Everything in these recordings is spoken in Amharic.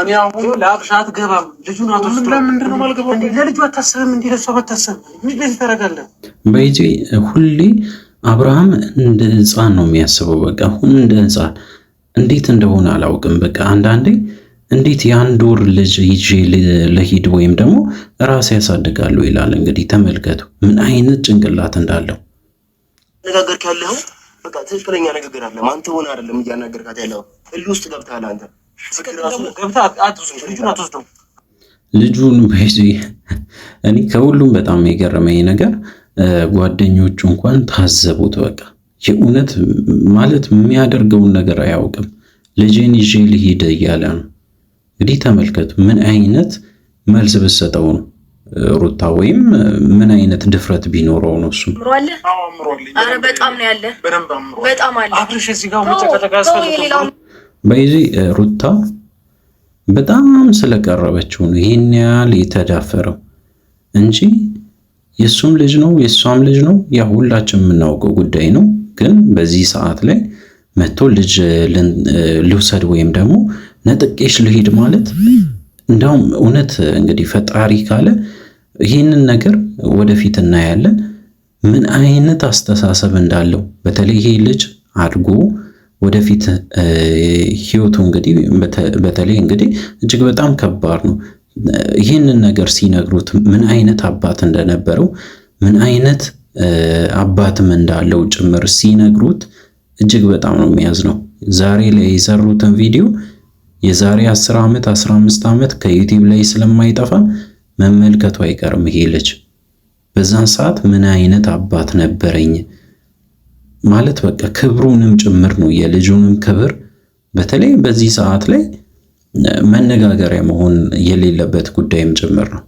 እኔ አሁን ለአብሻ አትገባም። ልጁ ናት ውስጥ ለምንድን ነው የማልገባው? ለልጁ አታስብም? እንዲ ታደርጋለህ? በይጂ ሁሌ አብርሃም እንደ ህፃን ነው የሚያስበው። በቃ ሁን እንደ ህፃን እንዴት እንደሆነ አላውቅም። በቃ አንዳንዴ እንዴት የአንድ ወር ልጅ ይዤ ለሂድ ወይም ደግሞ ራሴ ያሳድጋለሁ ይላል። እንግዲህ ተመልከቱ ምን አይነት ጭንቅላት እንዳለው ነጋገር ካለው በቃ ትክክለኛ ንግግር አለ። ማን ሆነ አይደለም እያናገርካት ያለው እሉ ውስጥ ገብተሃል አንተ ልጁን እኔ ከሁሉም በጣም የገረመኝ ነገር ጓደኞቹ እንኳን ታዘቡት። በቃ የእውነት ማለት የሚያደርገውን ነገር አያውቅም። ልጄን ይዤ ልሂድ እያለ ነው። እንግዲህ ተመልከቱ፣ ምን አይነት መልስ ብሰጠው ነው ሩታ ወይም ምን አይነት ድፍረት ቢኖረው ነው እሱ። በጣም ነው ያለ፣ በጣም አለ። በይዚ ሩታ uh, በጣም ስለቀረበችው ነው ይህን ያህል የተዳፈረው እንጂ የእሱም ልጅ ነው የእሷም ልጅ ነው። ያ ሁላችን የምናውቀው ጉዳይ ነው። ግን በዚህ ሰዓት ላይ መጥቶ ልጅ ልውሰድ ወይም ደግሞ ነጥቄሽ ልሄድ ማለት እንዳውም እውነት እንግዲህ ፈጣሪ ካለ ይህንን ነገር ወደፊት እናያለን፣ ምን አይነት አስተሳሰብ እንዳለው በተለይ ይሄ ልጅ አድጎ ወደፊት ህይወቱ እንግዲህ በተለይ እንግዲህ እጅግ በጣም ከባድ ነው። ይህንን ነገር ሲነግሩት ምን አይነት አባት እንደነበረው ምን አይነት አባትም እንዳለው ጭምር ሲነግሩት እጅግ በጣም ነው የሚያዝ ነው። ዛሬ ላይ የሰሩትን ቪዲዮ የዛሬ 10 ዓመት 15 ዓመት ከዩቲዩብ ላይ ስለማይጠፋ መመልከቱ አይቀርም። ይሄ ልጅ በዛን ሰዓት ምን አይነት አባት ነበረኝ ማለት በቃ ክብሩንም ጭምር ነው የልጁንም ክብር በተለይ በዚህ ሰዓት ላይ መነጋገሪያ መሆን የሌለበት ጉዳይም ጭምር ነው።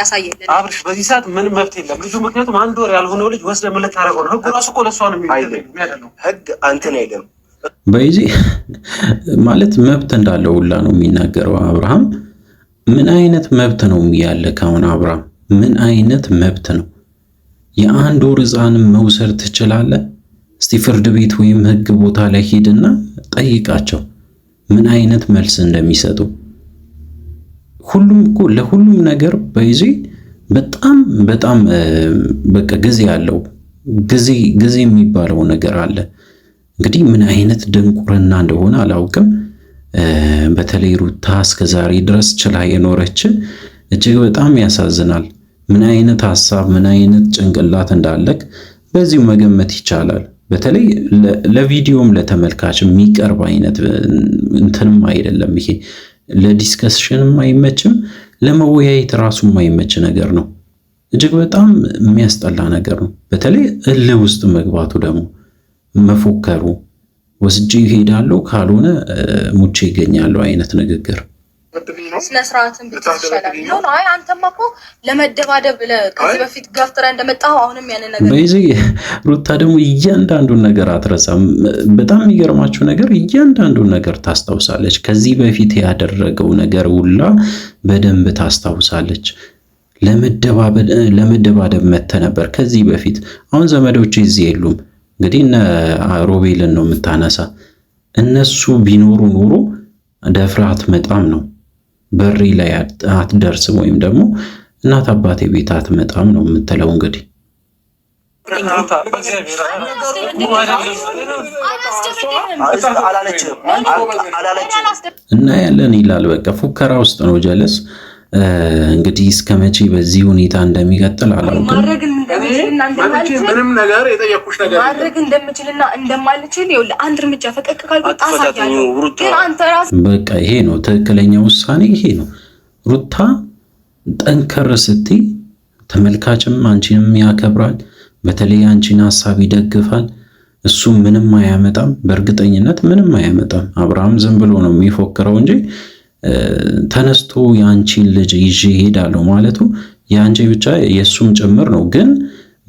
ያሳየለን አብርሽ በዚህ ሰዓት ምንም መብት የለም ልጁ። ምክንያቱም አንድ ወር ያልሆነው ልጅ ወስደ ምለት ያደረገው ነው። ህጉ ራሱ እኮ ለእሷ ነው የሚያደለው። ህግ አንተን አይልም። በዚህ ማለት መብት እንዳለው ሁላ ነው የሚናገረው አብርሃም። ምን አይነት መብት ነው ያለ ካሁን አብርሃም ምን አይነት መብት ነው? የአንድ ወር ህፃንም መውሰድ ትችላለህ እስቲ ፍርድ ቤት ወይም ህግ ቦታ ላይ ሂድና ጠይቃቸው ምን አይነት መልስ እንደሚሰጡ። ሁሉም እኮ ለሁሉም ነገር በይዜ በጣም በጣም በቃ ጊዜ አለው። ጊዜ ጊዜ የሚባለው ነገር አለ። እንግዲህ ምን አይነት ድንቁርና እንደሆነ አላውቅም። በተለይ ሩታ እስከ ዛሬ ድረስ ችላ የኖረች እጅግ በጣም ያሳዝናል። ምን አይነት ሐሳብ ምን አይነት ጭንቅላት እንዳለክ በዚሁ መገመት ይቻላል። በተለይ ለቪዲዮም ለተመልካች የሚቀርብ አይነት እንትንም አይደለም። ይሄ ለዲስከሽንም አይመችም፣ ለመወያየት ራሱ የማይመች ነገር ነው። እጅግ በጣም የሚያስጠላ ነገር ነው። በተለይ እልህ ውስጥ መግባቱ ደግሞ መፎከሩ ወስጄ ይሄዳለሁ ካልሆነ ሙቼ ይገኛለሁ አይነት ንግግር ስነ ስርዓትን ይሻላል። አይ አንተማ እኮ ለመደባደብ ከዚህ በፊት ገፍትረህ እንደመጣ አሁንም ያንን ነገር በዚህ ሩታ ደግሞ እያንዳንዱን ነገር አትረሳም። በጣም የሚገርማችሁ ነገር እያንዳንዱን ነገር ታስታውሳለች። ከዚህ በፊት ያደረገው ነገር ሁላ በደንብ ታስታውሳለች። ለመደባደብ መተ ነበር ከዚህ በፊት አሁን ዘመዶች እዚህ የሉም። እንግዲህ እነ ሮቤልን ነው የምታነሳ። እነሱ ቢኖሩ ኑሮ ደፍራት መጣም ነው በሪ ላይ አትደርስም ወይም ደግሞ እናት አባቴ ቤት አትመጣም ነው የምትለው እንግዲህ እና ያለን ይላል። በቃ ፉከራ ውስጥ ነው ጀለስ እንግዲህ እስከ መቼ በዚህ ሁኔታ እንደሚቀጥል አላውቅም። ምንም ነገር የጠየኩሽ ነገር ማድረግ እንደምችልና እንደማልችል አንድ እርምጃ ፈቀቅ ካልኩ ግን አንተ ራስህ በቃ ይሄ ነው ትክክለኛ ውሳኔ፣ ይሄ ነው ሩታ። ጠንከር ስትይ ተመልካችም አንቺንም ያከብራል። በተለይ አንቺን ሀሳብ ይደግፋል። እሱም ምንም አያመጣም፣ በእርግጠኝነት ምንም አያመጣም። አብርሃም ዝም ብሎ ነው የሚፎክረው እንጂ ተነስቶ የአንቺን ልጅ ይዤ እሄዳለሁ ማለቱ የአንቺ ብቻ የእሱም ጭምር ነው። ግን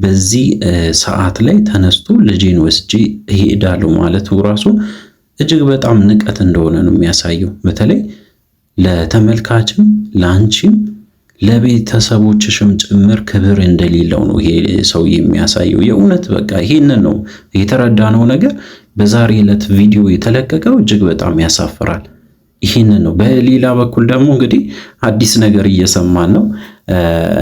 በዚህ ሰዓት ላይ ተነስቶ ልጄን ወስጄ እሄዳለሁ ማለቱ ራሱ እጅግ በጣም ንቀት እንደሆነ ነው የሚያሳየው። በተለይ ለተመልካችም ለአንቺም ለቤተሰቦችሽም ጭምር ክብር እንደሌለው ነው ይሄ ሰው የሚያሳየው። የእውነት በቃ ይሄንን ነው የተረዳነው ነገር። በዛሬ ዕለት ቪዲዮ የተለቀቀው እጅግ በጣም ያሳፍራል። ይህንን ነው። በሌላ በኩል ደግሞ እንግዲህ አዲስ ነገር እየሰማን ነው።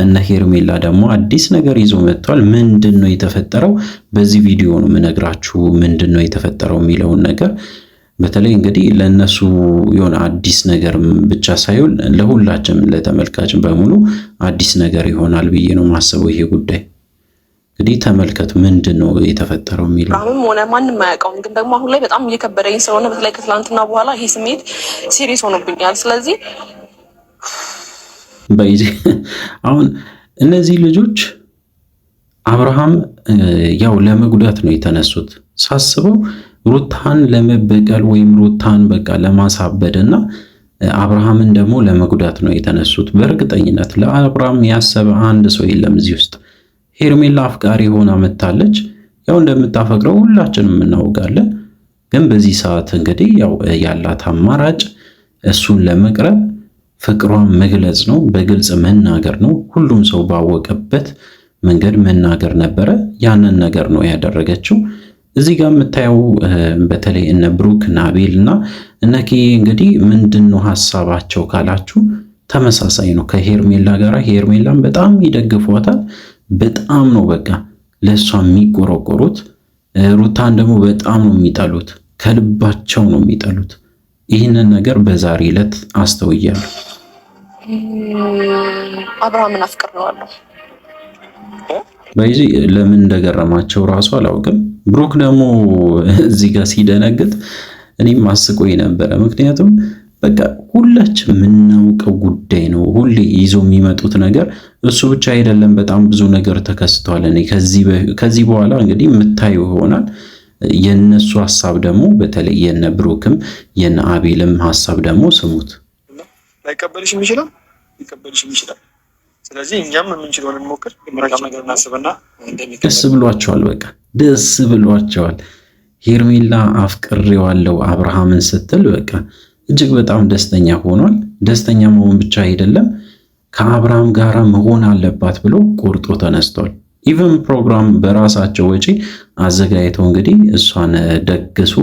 እነ ሄርሜላ ደግሞ አዲስ ነገር ይዞ መጥቷል። ምንድን ነው የተፈጠረው? በዚህ ቪዲዮ ነው የምነግራችሁ ምንድን ነው የተፈጠረው የሚለውን ነገር በተለይ እንግዲህ ለእነሱ የሆነ አዲስ ነገር ብቻ ሳይሆን ለሁላችንም ለተመልካችን በሙሉ አዲስ ነገር ይሆናል ብዬ ነው ማሰበው ይሄ ጉዳይ። እንግዲህ ተመልከቱ ምንድን ነው የተፈጠረው የሚለው አሁን ሆነ ማንም አያውቀውም። ግን ደግሞ አሁን ላይ በጣም እየከበደኝ ስለሆነ በተለይ ከትላንትና በኋላ ይሄ ስሜት ሲሪየስ ሆኖብኛል። ስለዚህ በይዜ አሁን እነዚህ ልጆች አብርሃም ያው ለመጉዳት ነው የተነሱት። ሳስበው ሩታን ለመበቀል ወይም ሩታን በቃ ለማሳበድ እና አብርሃምን ደግሞ ለመጉዳት ነው የተነሱት። በእርግጠኝነት ለአብርሃም ያሰበ አንድ ሰው የለም እዚህ ውስጥ ሄርሜላ አፍቃሪ ሆና መታለች። ያው እንደምታፈቅረው ሁላችንም እናውቃለን። ግን በዚህ ሰዓት እንግዲህ ያው ያላት አማራጭ እሱን ለመቅረብ ፍቅሯን መግለጽ ነው፣ በግልጽ መናገር ነው። ሁሉም ሰው ባወቀበት መንገድ መናገር ነበረ። ያንን ነገር ነው ያደረገችው። እዚህ ጋር የምታየው በተለይ እነ ብሩክ እና አቤል እና እነ ኪዬ እንግዲህ ምንድን ነው ሀሳባቸው ካላችሁ ተመሳሳይ ነው ከሄርሜላ ጋር። ሄርሜላን በጣም ይደግፏታል። በጣም ነው በቃ ለእሷ የሚቆረቆሩት። ሩታን ደግሞ በጣም ነው የሚጠሉት፣ ከልባቸው ነው የሚጠሉት። ይህንን ነገር በዛሬ ዕለት አስተውያለሁ። አብርሃምን አፍቅሬዋለሁ። በይዚ ለምን እንደገረማቸው ራሱ አላውቅም። ብሩክ ደግሞ እዚህ ጋር ሲደነግጥ እኔም አስቆኝ ነበረ ምክንያቱም በቃ ሁላችን የምናውቀው ጉዳይ ነው። ሁሌ ይዞ የሚመጡት ነገር እሱ ብቻ አይደለም። በጣም ብዙ ነገር ተከስቷል። እኔ ከዚህ በኋላ እንግዲህ የምታየው ይሆናል። የነሱ ሀሳብ ደግሞ በተለይ የነ ብሩክም የነ አቤልም ሀሳብ ደግሞ ስሙት። ላይቀበልሽ የሚችላል ሊቀበልሽ የሚችላል። ስለዚህ እኛም የምንችለውን እንሞክር። ነገር እናስብና ደስ ብሏቸዋል። በቃ ደስ ብሏቸዋል። ሄርሜላ አፍቅሬዋለሁ አብርሃምን ስትል በቃ እጅግ በጣም ደስተኛ ሆኗል። ደስተኛ መሆን ብቻ አይደለም ከአብርሃም ጋር መሆን አለባት ብሎ ቆርጦ ተነስቷል። ኢቨን ፕሮግራም በራሳቸው ወጪ አዘጋጅተው እንግዲህ እሷን ደግሶ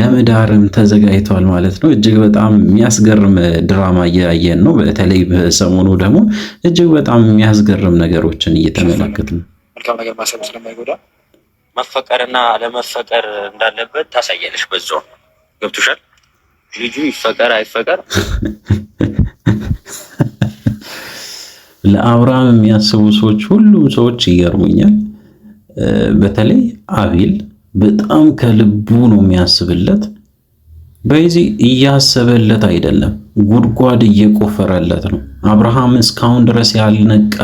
ለመዳርም ተዘጋጅቷል ማለት ነው። እጅግ በጣም የሚያስገርም ድራማ እያየን ነው። በተለይ በሰሞኑ ደግሞ እጅግ በጣም የሚያስገርም ነገሮችን እየተመለከት ነው። መልካም ነገር ማሰብ ስለማይጎዳ መፈቀርና ለመፈቀር እንዳለበት ታሳያለሽ። በዛው ገብቶሻል ልጁ ይፈቀር አይፈቀር ለአብርሃም የሚያስቡ ሰዎች ሁሉም ሰዎች ይገርሙኛል። በተለይ አቤል በጣም ከልቡ ነው የሚያስብለት። በዚህ እያሰበለት አይደለም፣ ጉድጓድ እየቆፈረለት ነው። አብርሃም እስካሁን ድረስ ያልነቃ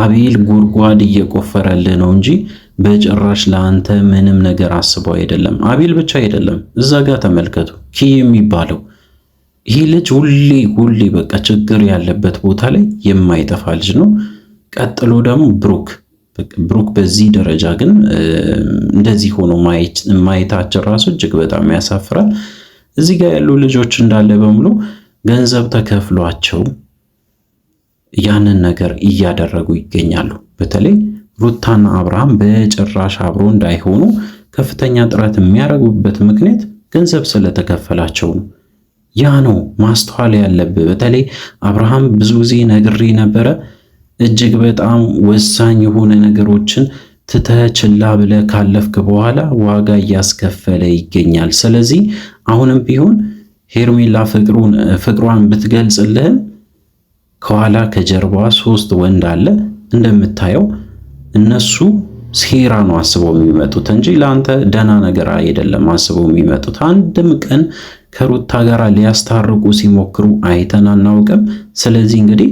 አቤል ጉድጓድ እየቆፈረልህ ነው እንጂ በጭራሽ ለአንተ ምንም ነገር አስበው አይደለም። አቤል ብቻ አይደለም፣ እዛ ጋር ተመልከቱ። ኪ የሚባለው ይህ ልጅ ሁሌ ሁሌ በቃ ችግር ያለበት ቦታ ላይ የማይጠፋ ልጅ ነው። ቀጥሎ ደግሞ ብሩክ ብሩክ በዚህ ደረጃ ግን እንደዚህ ሆኖ ማየታችን ራሱ እጅግ በጣም ያሳፍራል። እዚህ ጋር ያሉ ልጆች እንዳለ በሙሉ ገንዘብ ተከፍሏቸው ያንን ነገር እያደረጉ ይገኛሉ። በተለይ ሩታና አብርሃም በጭራሽ አብሮ እንዳይሆኑ ከፍተኛ ጥረት የሚያደርጉበት ምክንያት ገንዘብ ስለተከፈላቸው ነው። ያ ነው ማስተዋል ያለብህ። በተለይ አብርሃም ብዙ ጊዜ ነግሬ ነበረ፣ እጅግ በጣም ወሳኝ የሆነ ነገሮችን ትተህ ችላ ብለህ ካለፍክ በኋላ ዋጋ እያስከፈለ ይገኛል። ስለዚህ አሁንም ቢሆን ሄርሜላ ፍቅሯን ብትገልጽልህም ከኋላ ከጀርባ ሶስት ወንድ አለ እንደምታየው እነሱ ሴራ ነው አስበው የሚመጡት እንጂ ለአንተ ደህና ነገር አይደለም አስበው የሚመጡት። አንድም ቀን ከሩታ ጋር ሊያስታርቁ ሲሞክሩ አይተን አናውቅም። ስለዚህ እንግዲህ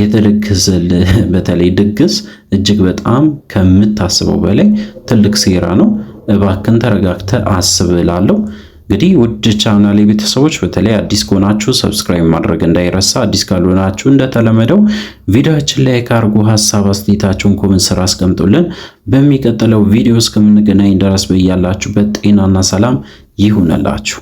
የተደግስ በተለይ ድግስ እጅግ በጣም ከምታስበው በላይ ትልቅ ሴራ ነው። እባክን ተረጋግተ አስብ እላለሁ። እንግዲህ ውድ ቻናሌ ቤተሰቦች በተለይ አዲስ ከሆናችሁ ሰብስክራይብ ማድረግ እንዳይረሳ፣ አዲስ ካልሆናችሁ እንደተለመደው ቪዲዮችን ላይ ካርጎ ሀሳብ አስተያየታችሁን ኮሜንት ስራ አስቀምጡልን። በሚቀጥለው ቪዲዮ እስከምንገናኝ ድረስ በያላችሁበት ጤናና ሰላም ይሁንላችሁ።